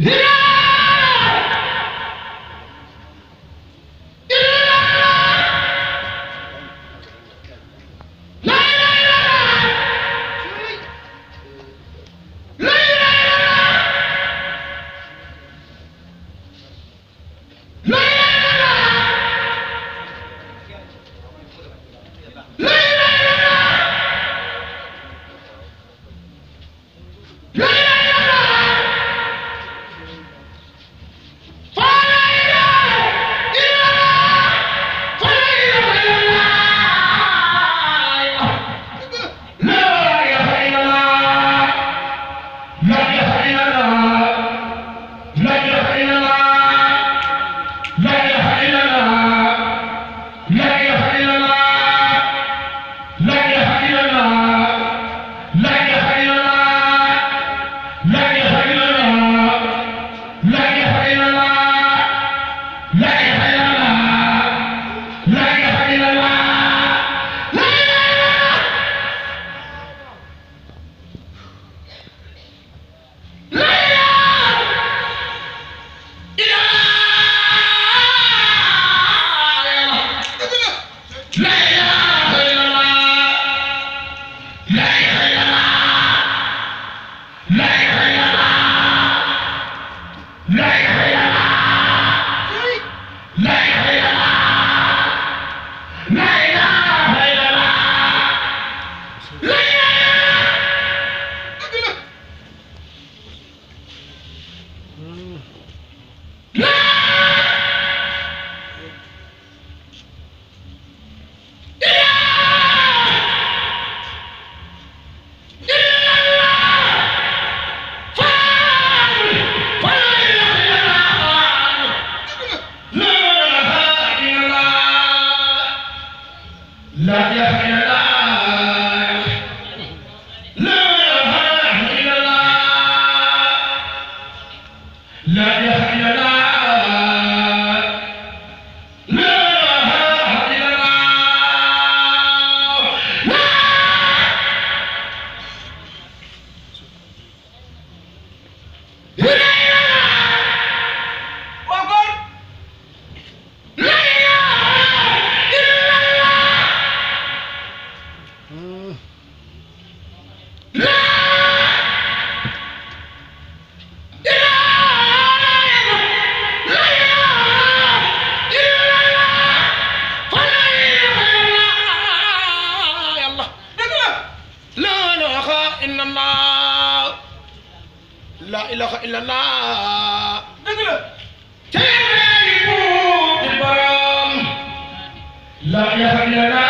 Yeah! Claire la ilaha illallah dëgg la te borom la ilaha illallah